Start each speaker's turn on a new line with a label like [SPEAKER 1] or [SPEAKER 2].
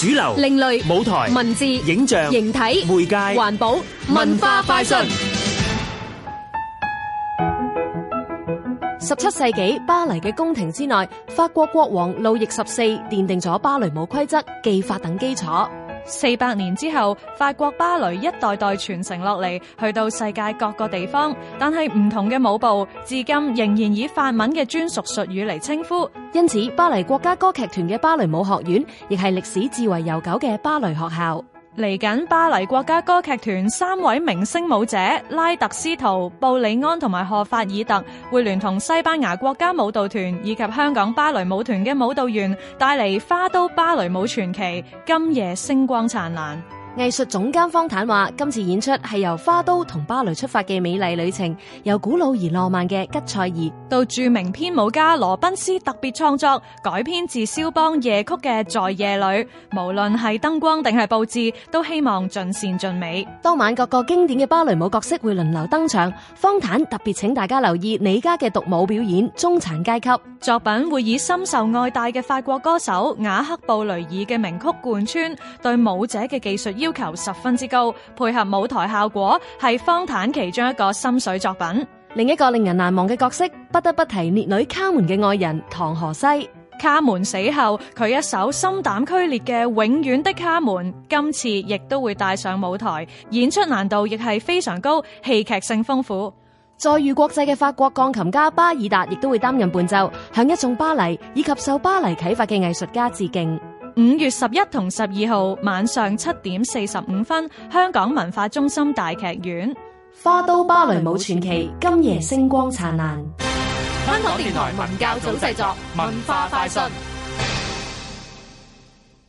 [SPEAKER 1] 主流、另類、舞台、文字、影像、形體、媒介、環保、文化、快訊。十七世紀巴黎嘅宮廷之內，法國國王路易十四奠定咗芭蕾舞規
[SPEAKER 2] 則、技法等基礎。四百年之後，法國芭蕾一代代傳承落嚟，去到世界各個地方。但係唔同嘅舞步，至今仍然以法文嘅專屬術語嚟稱呼。因此，巴黎國家歌劇團嘅芭蕾舞學院，亦係歷史至為悠久嘅芭蕾學校。嚟緊巴黎國家歌劇團三位明星舞者拉特斯圖、布里安同埋赫法爾特，會聯同西班牙國家舞蹈團以及香港芭蕾舞團嘅舞蹈員，帶嚟花都芭蕾舞傳奇《今夜星光燦爛》。藝術總監方坦話：今次演出係由花都同巴黎出發嘅美麗旅程，由古老而浪漫嘅吉塞爾到著名編舞家羅賓斯特別創作改編自肖邦夜曲嘅在夜裏，無論係燈光定係布置，都希望盡善盡美。
[SPEAKER 1] 當晚各個經典嘅芭蕾舞角色會輪流登場，方坦特別請大家留意你家嘅獨舞表演
[SPEAKER 2] 《中產階級》，作品會以深受愛戴嘅法國歌手雅克布雷爾嘅名曲貫穿，對舞者嘅技術要。要求十分之高，配合舞台效果係方坦其中一個心水作品。另一個令人難忘嘅角色，不得不提烈女卡門嘅愛人唐荷西。卡門死後，佢一首心膽俱裂嘅《永遠的卡門》，今次亦都會帶上舞台演出，難度亦係非常高，戲劇性豐富。
[SPEAKER 1] 載譽國際嘅法國鋼琴家巴爾達亦都
[SPEAKER 2] 會擔任伴奏，
[SPEAKER 1] 向一眾巴黎以及受巴黎啟發嘅藝術家致敬。
[SPEAKER 2] 五月十一同十二號晚上七點四十五分，香港文化中心大劇院
[SPEAKER 1] 《花都芭蕾舞傳奇》今夜星光燦爛。香港電台文教組製作，文化快訊。